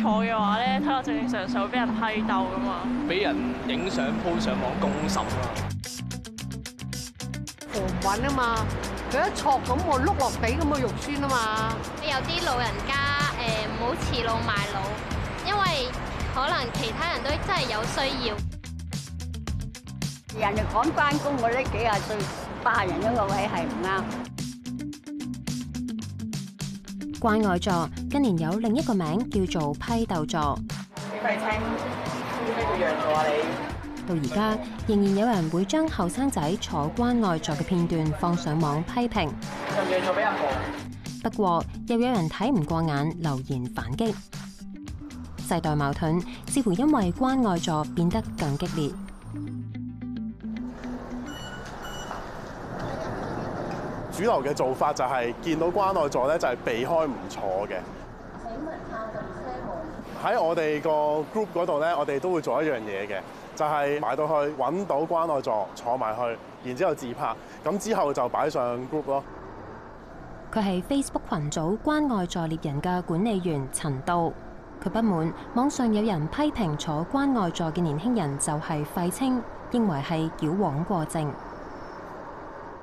坐嘅話咧，睇落正常上會俾人批鬥㗎嘛，俾人影相 po 上網公審啊！唔穩啊嘛，佢一挫咁，我碌落地咁個肉酸啊嘛。有啲老人家誒唔好恃老賣老，因為可能其他人都真係有需要。人哋趕返工，我呢幾十歲霸人嗰個位係唔啱。關愛座近年有另一個名叫做批鬥座到。你你？到而家仍然有人會將後生仔坐關愛座嘅片段放上網批評。人不過又有人睇唔過眼，留言反擊。世代矛盾似乎因為關愛座變得更激烈。主流嘅做法就係見到關愛座咧，就係避開唔坐嘅。喺我哋個 group 嗰度咧，我哋都會做一樣嘢嘅，就係埋到去揾到關愛座坐埋去，然之後自拍，咁之後就擺上 group 咯。佢係 Facebook 群組關愛座獵人嘅管理員陳道他滿，佢不滿網上有人批評坐關愛座嘅年輕人就係廢青，認為係矯枉過正。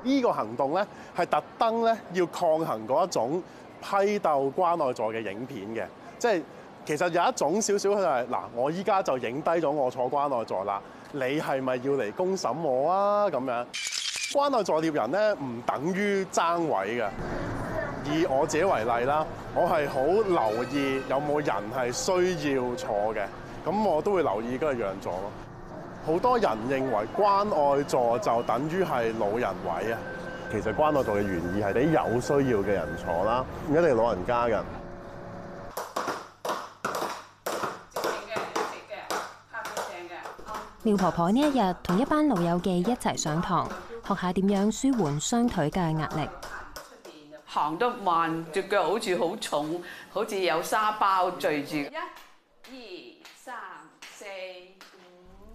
呢個行動咧，係特登咧要抗衡嗰一種批鬥關愛座嘅影片嘅，即係其實有一種少少佢係嗱，我依家就影低咗我坐關愛座啦，你係咪要嚟公審我啊？咁樣關愛座獵人咧，唔等於爭位嘅，以我自己為例啦，我係好留意有冇人係需要坐嘅，咁我都會留意嗰個讓座咯。好多人認為關愛座就等於係老人位啊！其實關愛座嘅原意係俾有需要嘅人坐啦，唔一定係老人家㗎。妙婆婆呢一日同一班老友記一齊上堂，學下點樣舒緩雙腿嘅壓力。行得慢，隻腳好似好重，好似有沙包聚住。一、二。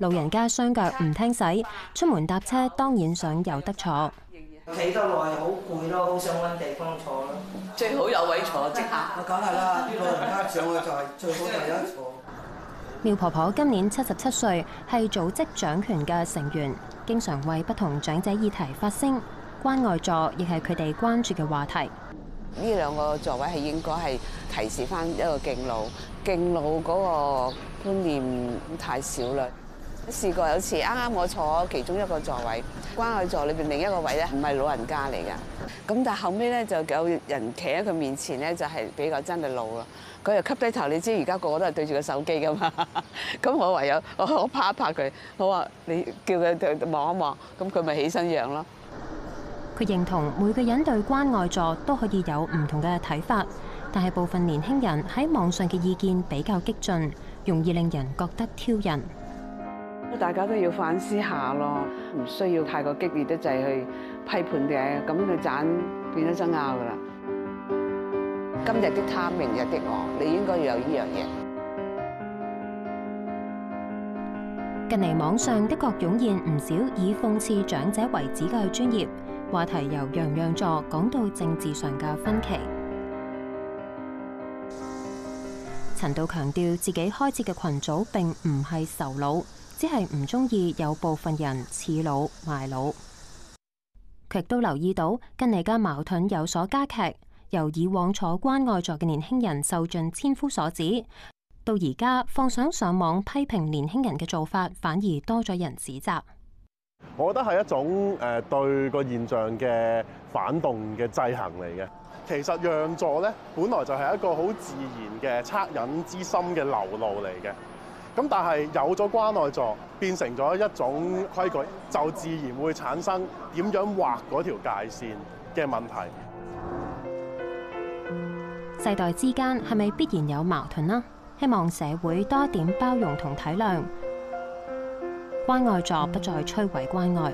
老人家雙腳唔聽使，出門搭車當然想有得坐。企得耐好攰咯，好想揾地方坐咯，最好有位坐即刻。梗係啦，老人家上去就係最好第一坐。 妙婆婆今年七十七歲，係組織掌權嘅成員，經常為不同長者議題發聲。關愛座亦係佢哋關注嘅話題。呢兩個座位係應該係提示返一個敬老敬老，嗰個觀念太少啦。試過有次啱啱我坐其中一個座位關愛座，裏邊另一個位咧唔係老人家嚟㗎。咁但後尾咧就有人企喺佢面前咧，就係比較真係老啦。佢又吸低頭，你知而家個個都係對住個手機㗎嘛。咁我唯有我拍一拍佢，我話你叫佢望一望，咁佢咪起身讓咯。佢認同每個人對關愛座都可以有唔同嘅睇法，但係部分年輕人喺網上嘅意見比較激進，容易令人覺得挑釁。大家都要反思下咯，唔需要太過激烈得滯去批判嘅，咁佢就變咗爭拗噶啦。今日的他，明日的我，你應該要有呢樣嘢。近嚟網上的確湧現唔少以諷刺長者為主嘅專頁，話題由羊羊，由讓唔讓座講到政治上嘅分歧。陳道強調自己開設嘅群組並唔係仇老。只係唔中意有部分人恃老賣老，佢亦都留意到近年間矛盾有所加劇，由以往坐關愛座嘅年輕人受盡千夫所指，到而家放上上網批評年輕人嘅做法，反而多咗人指責。我覺得係一種誒對個現象嘅反動嘅制衡嚟嘅。其實讓座咧，本來就係一個好自然嘅惻隱之心嘅流露嚟嘅。咁但係有咗關愛座，變成咗一種規矩，就自然會產生點樣劃嗰條界線嘅問題。世代之間係咪必然有矛盾呢？希望社會多點包容同體諒，關愛座不再摧毀關愛。